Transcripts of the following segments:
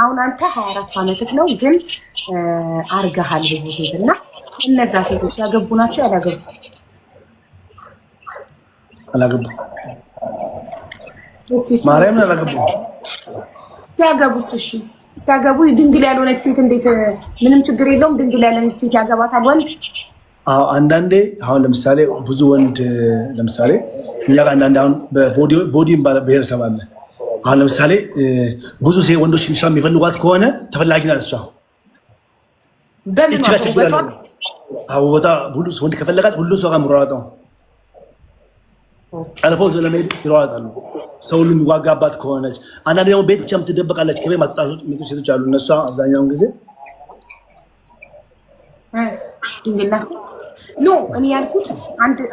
አሁን አንተ ሀያ አራት ዓመትህ ነው ግን አርገሃል ብዙ ሴት እና እነዛ ሴቶች ያገቡ ናቸው ያላገቡ አላገቡ ማርያም አላገቡ ሲያገቡስ እሺ ሲያገቡ ድንግል ያልሆነች ሴት እንዴት ምንም ችግር የለውም ድንግል ያልሆነች ሴት ያገባታል ወንድ አዎ አንዳንዴ አሁን ለምሳሌ ብዙ ወንድ ለምሳሌ እኛ አንዳንድ አሁን ቦዲ የሚባል ብሔረሰብ አለ አሁን ለምሳሌ ብዙ ሴ ወንዶች ሚሷ የሚፈልጓት ከሆነ ተፈላጊ ናት እሷ ቦታ ሁሉ ወንድ ከፈለጋት ሁሉ ሰው ጋር ምሯሯጠው ጠልፎ ስለመሄድ ይሯሯጣሉ። ሰው ሁሉ የሚዋጋባት ከሆነች አንዳንድ ደግሞ ቤት ብቻ የምትደበቃለች ከቤት ማትወጣት ሴቶች አሉ። እነሷ አብዛኛውን ጊዜ ድንግልናት ኖ እኔ ያልኩት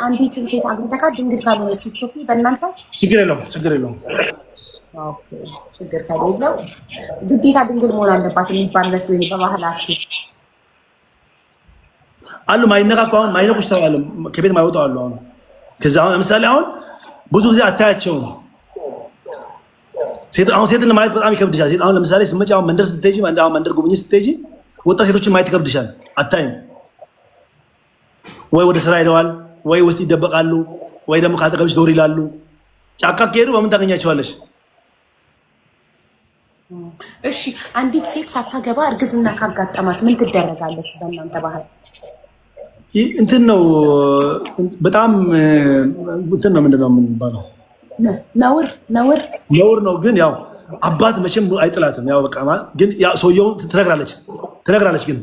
አንዲትን ሴት አግብተካት ድንግል ካልሆነች በእናንተ ችግር የለውም ችግር የለውም። ችግር ከሌለው ግዴታ ድንግል መሆን አለባት የሚባል መስሎኝ በባህላችን አሉ። ማይነቃቁ አሁን ማይነቁ ይሰራሉ፣ ከቤት ማይወጡ አሉ። አሁን ከዚ አሁን ለምሳሌ አሁን ብዙ ጊዜ አታያቸውም። አሁን ሴትን ማየት በጣም ይከብድሻል። ሴት አሁን ለምሳሌ ስመጪ አሁን መንደር ስትሄጂ፣ አሁን መንደር ጉብኝ ስትሄጂ ወጣት ሴቶችን ማየት ይከብድሻል። አታይም ወይ ወደ ስራ ሄደዋል ወይ ውስጥ ይደበቃሉ ወይ ደግሞ ካጠገብሽ ዞር ይላሉ። ጫካ ከሄዱ በምን ታገኛቸዋለሽ? እሺ አንዲት ሴት ሳታገባ እርግዝና ካጋጠማት ምን ትደረጋለች? በእናንተ ባህል እንትን ነው በጣም እንትን ነው ምንድነው የምንባለው? ነውር ነውር ነውር ነው። ግን ያው አባት መቼም አይጥላትም። ያው በቃ ግን ሰውየውን ትነግራለች ትነግራለች ግን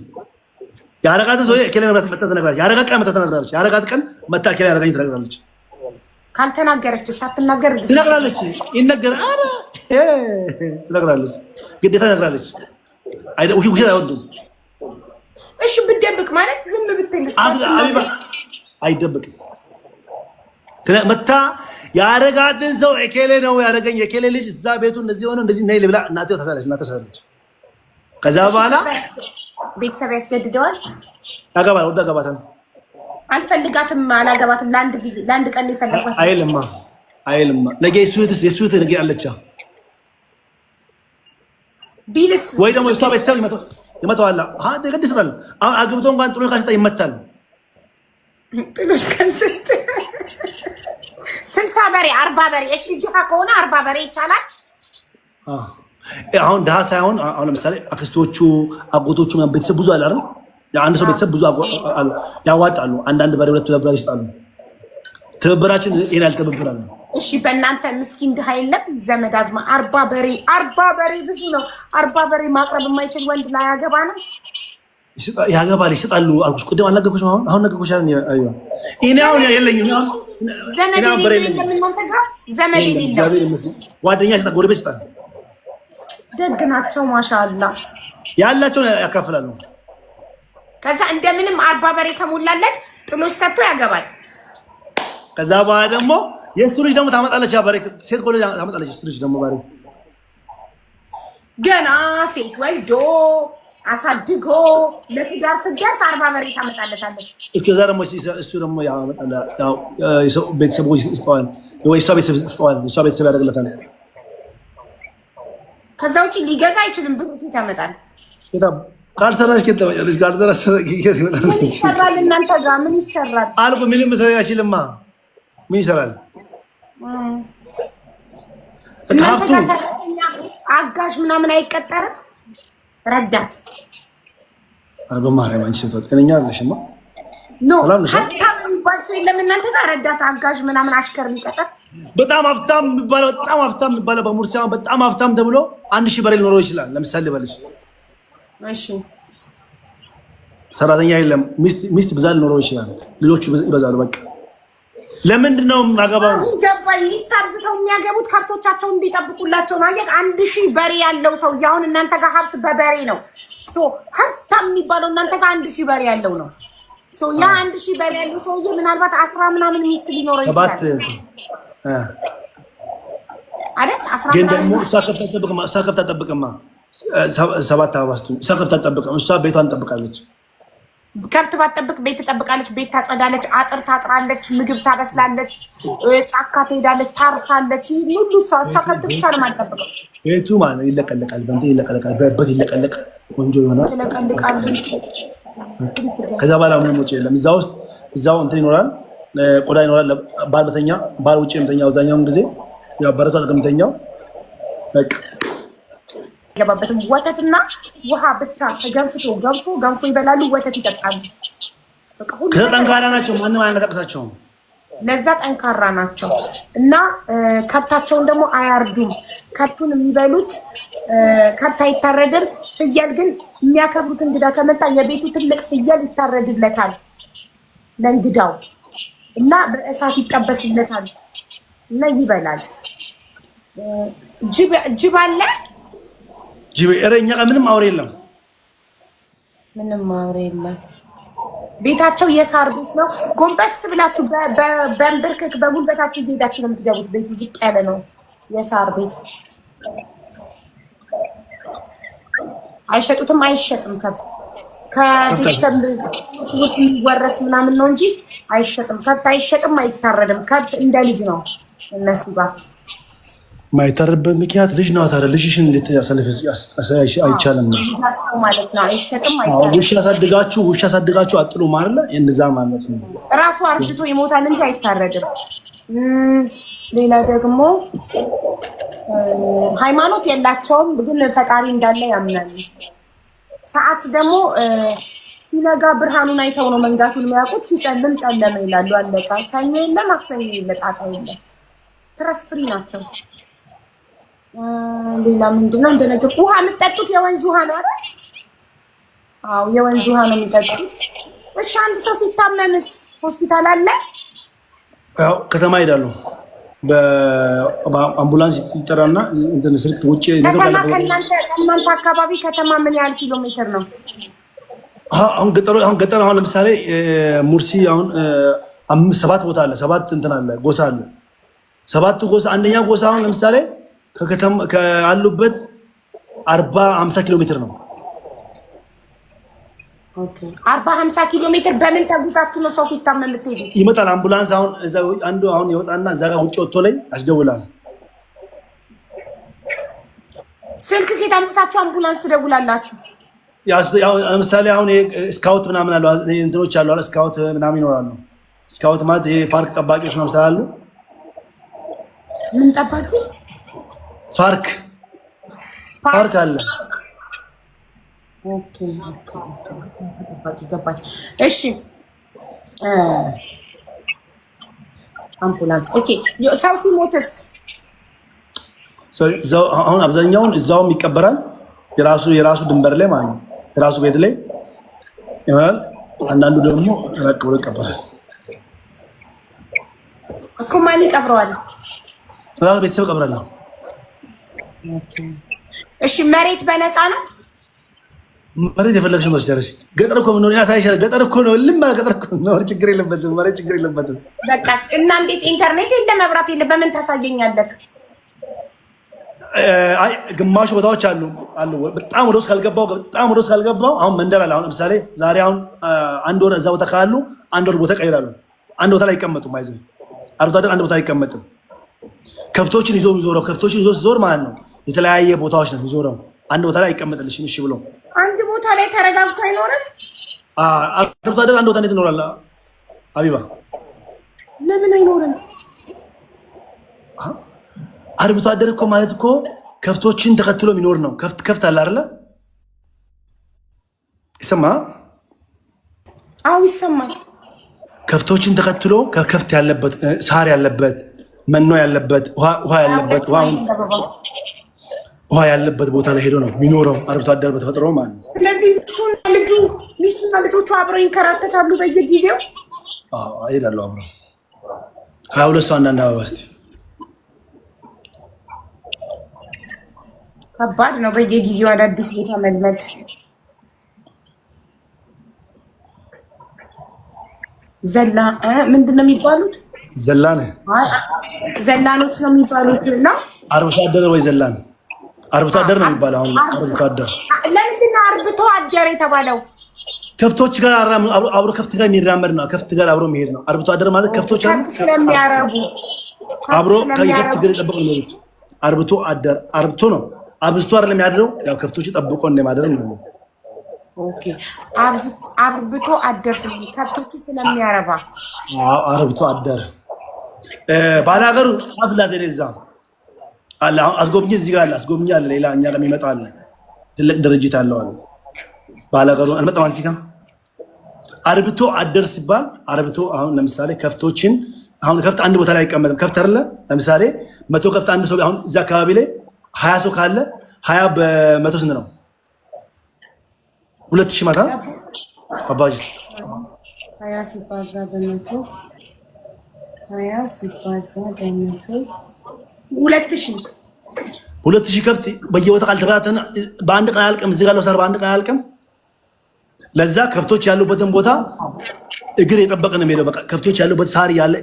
የአረቃትን ሰውዬ ኬላ መጣ ትነግራለች። የአረቃት ቀን መጣ ትነግራለች። የአረቃት ቀን መታ ኬላ ያረጋኝ ትነግራለች። ካልተናገረች ሳትናገር ትነግራለች። ይነገር ትነግራለች፣ ግዴታ ውሸት አይወዱም። እሺ ብደብቅ ማለት ዝም አይደብቅም። መታ ያረጋትን ሰው ኤኬሌ ነው ያረገኝ፣ ኤኬሌ ልጅ እዛ ቤቱ እንደዚህ ሆነ እንደዚህ ነይ ልብላ እናቴ ታሳለች፣ ታሳለች። ከዛ በኋላ ቤተሰብ ያስገድደዋል። ያገባል፣ ወደ አገባታ ነው አልፈልጋትም፣ አላገባትም። ለአንድ ቀን አይልማ አይልማ ነገ የሱት ነገ አለቻ ቢልስ ወይ ደግሞ እሷ ቤተሰብ ይመጣዋል። ይሰጣል። አግብቶ እንኳን ጥሎ ይመታል። ጥሎሽ ቀን ስንት ስልሳ በሬ አርባ በሬ። እሺ ድሃ ከሆነ አርባ በሬ ይቻላል። አሁን ድሃ ሳይሆን አሁን ለምሳሌ አክስቶቹ አጎቶቹ ቤተሰብ ብዙ አለ አይደል የአንድ ሰው ቤተሰብ ብዙ ያዋጣሉ። አንዳንድ ባለ ሁለት ትብብር ይሰጣሉ። ትብብራችን ይሄን ያልተብብራል። እሺ በእናንተ ምስኪን ድሃ የለም ዘመድ አዝማ አርባ በሬ አርባ በሬ ብዙ ነው። አርባ በሬ ማቅረብ የማይችል ወንድ ላይ ያገባ ነው ያገባል። ይሰጣሉ አልኩሽ ቅድም አልነገርኩሽም? አሁን አሁን ነገርኩሽ። አሁን እኔ አሁን የለኝም ዘመድ የለም እናንተ ጋር ዘመድ የለም። ጓደኛ ይሰጣል፣ ጎረቤት ይሰጣል። ደግ ናቸው። ማሻአላ ያላቸውን ያካፍላሉ። ከዛ እንደምንም አርባ በሬ ከሞላለት ጥሎች ሰጥቶ ያገባል። ከዛ በኋላ ደግሞ የእሱ ልጅ ደግሞ ታመጣለች፣ ያ በሬ ሴት ኮሌጅ ታመጣለች። እሱ ልጅ ደግሞ በሬ ገና ሴት ወልዶ አሳድጎ ለትዳር ስደርስ አርባ በሬ ታመጣለታለች። እስከዛ ደግሞ እሱ ደግሞ ቤተሰቦች ይስጠዋል፣ ወይ እሷ ቤተሰብ ይስጠዋል፣ እሷ ቤተሰብ ያደርግለታል። ከዛ ውጭ ሊገዛ አይችልም፣ ይታመጣል ይታ ካልሰራሽ ኬት ለማጨለሽ ካልሰራ ከት ይመጣል። ምን ይሰራል? እናንተ ጋ ምን ይሰራል? አልኩ ምንም ሰያችልማ ምን ይሰራል? እናንተ ጋር ሰራተኛ አጋሽ ምናምን አይቀጠርም? ረዳት ኧረ በማርያም አንቺ ፈቀደኛ አለሽማ። ኖ ሀብታም የሚባል ሰው የለም እናንተ ጋር ረዳት አጋሽ ምናምን አሽከር የሚቀጠር በጣም ሀብታም የሚባለው በጣም ሀብታም የሚባለው በሙርሲያ በጣም ሀብታም ተብሎ አንድ ሺህ በሬ ሊኖረው ይችላል። ለምሳሌ በልሽ ሰራተኛ የለም። ሚስት ብዛት ሊኖረው ይችላል። ልጆቹ ይበዛሉ። በቃ ለምንድን ነው የማገባው? ገባኝ። ሚስት አብዝተው የሚያገቡት ከብቶቻቸውን እንዲጠብቁላቸው ነው። አየህ፣ አንድ ሺህ በሬ ያለው ሰው አሁን እናንተ ጋር ሀብት በበሬ ነው። ሀብታም የሚባለው እናንተ ጋር አንድ ሺህ በሬ ያለው ነው። ያ አንድ ሺህ በሬ ያለው ሰውዬ ምናልባት አስራ ምናምን ሚስት ሊኖረው ይችላል አይደል? አስራ ምናምን ግን ደግሞ እሷ ከብት አጠብቅማ ሰባት አበባ ስትሆን ሰቅፍታ እሷ ቤቷን ትጠብቃለች። ከብት ባጠብቅ ቤት ትጠብቃለች። ቤት ታጸዳለች፣ አጥር ታጥራለች፣ ምግብ ታበስላለች፣ ጫካ ትሄዳለች፣ ታርሳለች። ይህን ሁሉ እሷ እሷ ከብት ብቻ ነው የማትጠብቀው። ቤቱ ማለት ይለቀለቃል፣ በእንትን ይለቀለቃል፣ በእበት ይለቀለቃል፣ ቆንጆ ይሆናል። ከዛ በኋላ ምንም ውጭ የለም። እዛ ውስጥ እዛው እንትን ይኖራል፣ ቆዳ ይኖራል። ባል በተኛ ባል ውጭ የምተኛ አብዛኛውን ጊዜ ያው በረቷ ጥቅምተኛው በቃ አይገባበትም። ወተትና ውሃ ብቻ ተገንፍቶ ገንፎ ገንፎ ይበላሉ፣ ወተት ይጠጣሉ። ጠንካራ ናቸው፣ ማንም አያነቃቅታቸውም። ለዛ ጠንካራ ናቸው እና ከብታቸውን ደግሞ አያርዱም። ከብቱን የሚበሉት ከብት አይታረድም። ፍየል ግን የሚያከብሩት እንግዳ ከመጣ የቤቱ ትልቅ ፍየል ይታረድለታል ለእንግዳው እና በእሳት ይጠበስለታል እና ይበላል። ጅብ አለ ጅብ ኧረ እኛ ጋር ምንም አውሬ የለም፣ ምንም አውሬ የለም። ቤታቸው የሳር ቤት ነው። ጎንበስ ብላችሁ በእንብርክክ በጉልበታችሁ ቤታችሁ ነው የምትገቡት። ቤት ዝቅ ያለ ነው፣ የሳር ቤት አይሸጡትም፣ አይሸጥም። ከብት ከቤተሰብ ውስጥ የሚወረስ ምናምን ነው እንጂ አይሸጥም። ከብት አይሸጥም፣ አይታረድም። ከብት እንደ ልጅ ነው እነሱ ጋር ማይታረበት ምክንያት ልጅ ነው። አይደል? ልጅሽን አይቻልም ውሻ ያሳድጋችሁ ውሻ ያሳድጋችሁ አጥሉ ማለ እንዛ ማለት ነው። ራሱ አርጅቶ ይሞታል እንጂ አይታረድም። ሌላ ደግሞ ሃይማኖት የላቸውም፣ ግን ፈጣሪ እንዳለ ያምናል። ሰዓት ደግሞ ሲነጋ ብርሃኑን አይተው ነው መንጋቱን የሚያውቁት። ሲጨልም ጨለመ ይላሉ። አለቃ ሰኞ የለም፣ ማክሰኞ የለ፣ ጣጣ የለም። ትረስ ፍሪ ናቸው። ሌላ ምንድን ነው እንደነገር ውሃ የምጠጡት የወንዝ ውሃ ነው አይደል? አዎ የወንዝ ውሃ ነው የሚጠጡት። እሺ አንድ ሰው ሲታመምስ ሆስፒታል አለ? ያው ከተማ ሄዳሉ። በአምቡላንስ ይጠራና ስልክ ውጭ ከተማ ከእናንተ አካባቢ ከተማ ምን ያህል ኪሎ ሜትር ነው? አሁን ገጠሩ አሁን ገጠሩ አሁን ለምሳሌ ሙርሲ አሁን ሰባት ቦታ አለ። ሰባት እንትን አለ፣ ጎሳ አለ። ሰባት ጎሳ አንደኛ ጎሳ አሁን ለምሳሌ ከአሉበት አርባ ሀምሳ ኪሎ ሜትር ነው። አርባ ሀምሳ ኪሎ ሜትር በምን ተጉዛችሁ ነው ሰው ሲታመም የምትሄዱ? ይመጣል አምቡላንስ። አሁን አንዱ አሁን ይወጣና እዛ ጋር ውጭ ወጥቶ ላይ አስደውላል። ስልክ ከየት አምጥታችሁ አምቡላንስ ትደውላላችሁ? ለምሳሌ አሁን ስካውት ምናምን አሉ እንትኖች አሉ ስካውት ምናምን ይኖራሉ። ስካውት ማለት ፓርክ ጠባቂዎች ምናምን ስላሉ ምን ጠባቂ ፓርክ ፓርክ አለ። ኦኬ እሺ አምቡላንስ ሰው ሲሞትስ? አሁን አብዛኛውን እዛውም ይቀበራል። የራሱ የራሱ ድንበር ላይ ማለት ነው፣ የራሱ ቤት ላይ ይሆናል። አንዳንዱ ደግሞ ራቅ ብሎ ይቀበራል እኮ። ማን ይቀብረዋል? ራሱ ቤተሰብ ይቀብራል ነው እሺ መሬት በነፃ ነው። መሬት የፈለግሽው መች ደረሽ። ገጠር እኮ ምን ያሳይ ታይሻል። ገጠር እኮ ነው ልማ ገጠር እኮ ነው። ችግር የለበትም መሬት ችግር የለበትም። በቃ እና እንዴት ኢንተርኔት የለ መብራት የለ በምን ታሳየኛለህ? አይ ግማሽ ቦታዎች አሉ አሉ። በጣም ወደ ውስጥ ካልገባው በጣም ወደ ውስጥ ካልገባው አሁን መንደር አለ። አሁን ለምሳሌ ዛሬ አሁን አንድ ወር እዛ ቦታ ካሉ አንድ ወር ቦታ ቀይራሉ። አንድ ቦታ ላይ አይቀመጡም። አይዘ አርብቶ አደር አንድ ቦታ አይቀመጥም። ከብቶችን ይዞ ይዞረው ከብቶችን ይዞ ሲዞር ማለት ነው የተለያየ ቦታዎች ነው የሚዞረው። አንድ ቦታ ላይ አይቀመጥልሽም። እሺ ብሎ አንድ ቦታ ላይ ተረጋግቶ አይኖርም። አርብቶ አደር አንድ ቦታ እንዴት ይኖራል? አቢባ ለምን አይኖርም? አርብቶ አደር እኮ ማለት እኮ ከፍቶችን ተከትሎ የሚኖር ነው። ከፍት ከፍት አለ አይደለ? ይሰማ? አዎ ይሰማል። ከፍቶችን ተከትሎ ከከፍት ያለበት ሳር ያለበት መኖ ያለበት ውሃ ያለበት ውሃ ውሃ ያለበት ቦታ ላይ ሄዶ ነው የሚኖረው አርብቶ አደር በተፈጥሮ ማለት ነው። ስለዚህ ሚስቱና ልጁ ሚስቱና ልጆቹ አብረው ይንከራተታሉ በየጊዜው እሄዳለሁ አብረው ሀያ ሁለት ሰው አንዳንድ አበባ ስ ከባድ ነው። በየጊዜው አዳዲስ ቦታ መልመድ ዘላ ምንድን ነው የሚባሉት? ዘላነ ዘላኖች ነው የሚባሉት እና አርብቶ አደር ወይ ነው አርብቶ አደር ነው የሚባለው። አሁን አርብቶ አደር ለምንድን ነው አርብቶ አደር የተባለው? ከፍቶች ጋር አራም አብሮ ከፍት ጋር የሚራመድ ነው። ከፍት ጋር አብሮ መሄድ ነው። አርብቶ አደር ማለት ከፍቶች ስለሚያረቡ አብሮ ከየከፍት ጋር የጠበቁ ነው። አርብቶ አደር አርብቶ ነው አብዝቶ አይደለም የሚያድረው። ያው ከፍቶች ጠብቆ እንደማደር ነው። ኦኬ አርብቶ አደር ስለሚ ከብቶች ስለሚያረባ አርብቶ አደር ባላገሩ አፍላ ደረዛ አለ። አሁን አስጎብኚ እዚህ ጋር አለ፣ አለ። ሌላ እኛ ለሚመጣ አለ፣ ትልቅ ድርጅት አለው አለ። ባላገሩ አንመጣም። አንቺ ጋር አርብቶ አደር ሲባል አርብቶ አሁን ለምሳሌ ከፍቶችን አሁን ከፍት አንድ ቦታ ላይ አይቀመጥም። ከፍት አይደለ ለምሳሌ መቶ ከፍት አንድ ሰው አሁን እዚህ አካባቢ ላይ ሀያ ሰው ካለ ሀያ በመቶ ስንት ነው? ሁለት ሺህ ማለት አባጅ ሀያ ሲባዛ በመቶ ሀያ ሲባዛ በመቶ ሁለት ሁለት ከብት በየቦታ ካልተበታተነ በአንድ ቀን አያልቅም። እዚህ ጋለው በአንድ ቀን አያልቅም። ለዛ ከብቶች ያሉበትን ቦታ እግር የጠበቀ ነው የሚሄደው። በቃ ከብቶች ያሉበት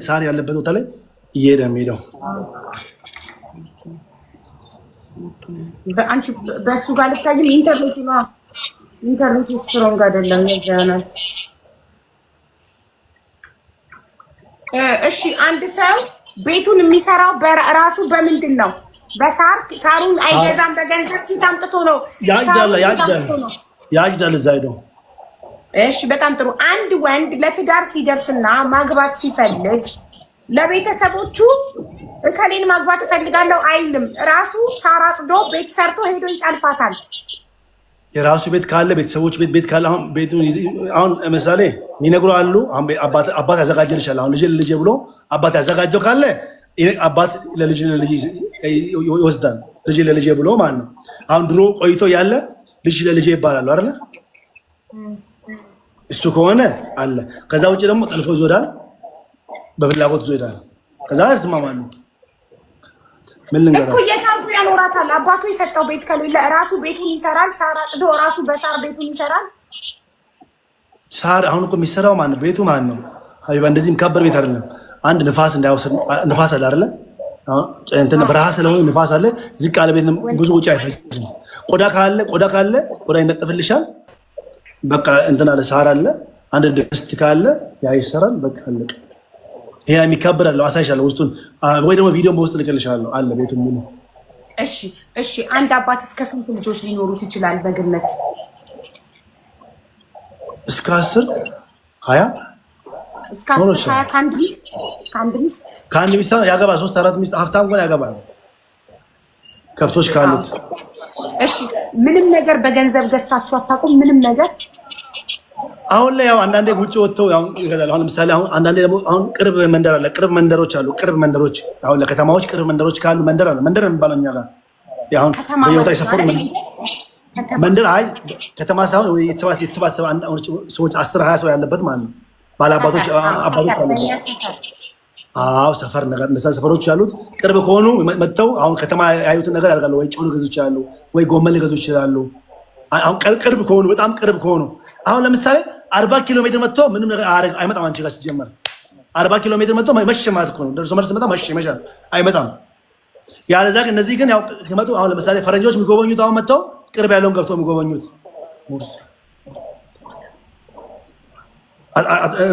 ሳር ያለበት ቦታ ላይ እየሄደ የሚሄደው በእሱ ጋር ኢንተርኔቱ ነው። ኢንተርኔቱ ስትሮንግ አይደለም። የዛናል እሺ አንድ ሰው ቤቱን የሚሰራው ራሱ በምንድን ነው? በሳር ሳሩን አይገዛም። በገንዘብ ኪት አምጥቶ ነው ያጅዳል። እዛ ሄደው እሺ፣ በጣም ጥሩ። አንድ ወንድ ለትዳር ሲደርስና ማግባት ሲፈልግ ለቤተሰቦቹ እከሌን ማግባት እፈልጋለሁ አይልም። ራሱ ሳር አጭዶ ቤት ሰርቶ ሄዶ ይጠልፋታል። የራሱ ቤት ካለ ቤተሰቦች ቤት ቤት ካለ አሁን ቤቱን ለምሳሌ የሚነግሩ አሉ። አባት ያዘጋጀልሻል አሁን ልጅ ልጅ ብሎ አባት ያዘጋጀው ካለ አባት ለልጅ ለልጅ ይወስዳል። ልጅ ለልጅ ብሎ ማለት ነው። አሁን ድሮ ቆይቶ ያለ ልጅ ለልጅ ይባላሉ አይደለ? እሱ ከሆነ አለ። ከዛ ውጭ ደግሞ ጠልፎ ይዞዳል፣ በፍላጎት ይዞዳል። ከዛ ያስተማማሉ። ምን ልንገራ ያኖራታል። አባቱ የሰጠው ቤት ከሌለ ራሱ ቤቱን ይሰራል። ሳር አጭዶ ራሱ በሳር ቤቱን ይሰራል። ሳር አሁን እኮ የሚሰራው ማን ነው? ቤቱ ማን ነው? ሀቢባ እንደዚህ የሚካበር ቤት አይደለም። አንድ ንፋስ እንዳይወስድ ንፋስ አለ አይደለ? እንትን በረሃ ስለሆነ ንፋስ አለ። ዝቅ ያለ ቤት ብዙ ወጪ አይፈጅም። ቆዳ ካለ ቆዳ ካለ ቆዳ ይነጠፍልሻል። በቃ እንትን አለ ሳር አለ። አንድ ድስት ካለ ያ ይሰራል። በቃ አለቀ። ይሄ የሚካበር አለው። አሳይሻለሁ ውስጡን ወይ ደግሞ ቪዲዮ በውስጥ ልቅልሻለሁ አለ ቤቱን ሙሉ እሺ፣ እሺ። አንድ አባት እስከ ስንት ልጆች ሊኖሩት ይችላል? በግምት እስከ አስር ሀያ እስከ አስር ሀያ ከአንድ ሚስት ከአንድ ሚስት ከአንድ ሚስት ያገባል። ሶስት አራት ሚስት ሀብታም እንኳን ያገባል ከብቶች ካሉት። እሺ። ምንም ነገር በገንዘብ ገዝታችሁ አታውቁም? ምንም ነገር አሁን ላይ ያው አንዳንዴ ውጭ ወጥተው ያው ይገዛሉ። አሁን ለምሳሌ አሁን አንዳንዴ ደግሞ አሁን ቅርብ መንደር አለ፣ ቅርብ መንደሮች አሉ። ቅርብ መንደሮች አሁን ለከተማዎች ቅርብ መንደሮች ካሉ መንደር አለ፣ መንደር የሚባለው እኛ ጋር ያሁን በየቦታ የሰፈሩ መንደር። አይ ከተማ ሳይሆን የተሰባሰበ ሰዎች አስር ሀያ ሰው ያለበት ማለት ነው። ባለአባቶች አባቶች አሉ። አዎ ሰፈር ነገር እነዛ ሰፈሮች ያሉት ቅርብ ከሆኑ መጥተው አሁን ከተማ ያዩትን ነገር ያደርጋሉ። ወይ ጨው ሊገዙ ይችላሉ፣ ወይ ጎመን ሊገዙ ይችላሉ። አሁን ቅርብ ከሆኑ በጣም ቅርብ ከሆኑ አሁን ለምሳሌ አርባ ኪሎ ሜትር መጥቶ ምንም ነገር አይመጣም። አንቺ ጋር ሲጀመር አርባ ኪሎ ሜትር መጥቶ መሸ ማለት እኮ ነው። ደርሶ መልስ መጣ መሸ ይመሻል፣ አይመጣም። ያለዛ ግን እነዚህ ግን ያው መጡ። አሁን ለምሳሌ ፈረንጆች የሚጎበኙት አሁን መጥተው ቅርብ ያለውን ገብቶ የሚጎበኙት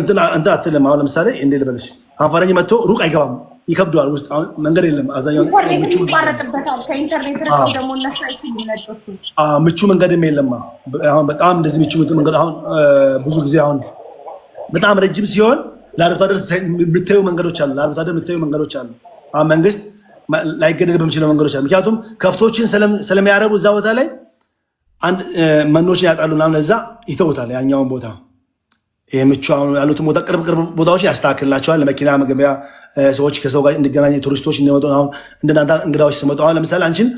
እንትን አትልም። አሁን ለምሳሌ እንዴ ልበልሽ፣ አሁን ፈረንጅ መጥቶ ሩቅ አይገባም። ይከብደዋል። ውስጥ አሁን መንገድ የለም። አብዛኛው ኢንተርኔት ደግሞ ምቹ መንገድም የለም። አሁን በጣም እንደዚህ ምቹ መንገድ አሁን ብዙ ጊዜ አሁን በጣም ረጅም ሲሆን ለአርብቶ አደር የምታዩ መንገዶች አሉ። ለአርብቶ አደር የምታዩ መንገዶች አሉ። አሁን መንግስት ላይገደል በሚችለው መንገዶች አሉ። ምክንያቱም ከብቶችን ስለሚያረቡ እዛ ቦታ ላይ አንድ መኖችን ያጣሉ። ናም እዛ ይተውታል ያኛውን ቦታ ምቹ ያሉትን ቦታ ቅርብ ቅርብ ቦታዎች ያስተካክልላቸዋል። ለመኪና መገቢያ ሰዎች ከሰው ጋር እንዲገናኝ ቱሪስቶች እንደመጡ አሁን እንደናንተ እንግዳዎች ስመጡ አሁን ለምሳሌ አንቺን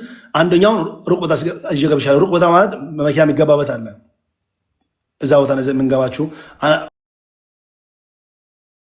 አንደኛውን ሩቅ ቦታ ገብሻለሁ። ሩቅ ቦታ ማለት መኪና የሚገባበት አለ እዛ ቦታ የምንገባችሁ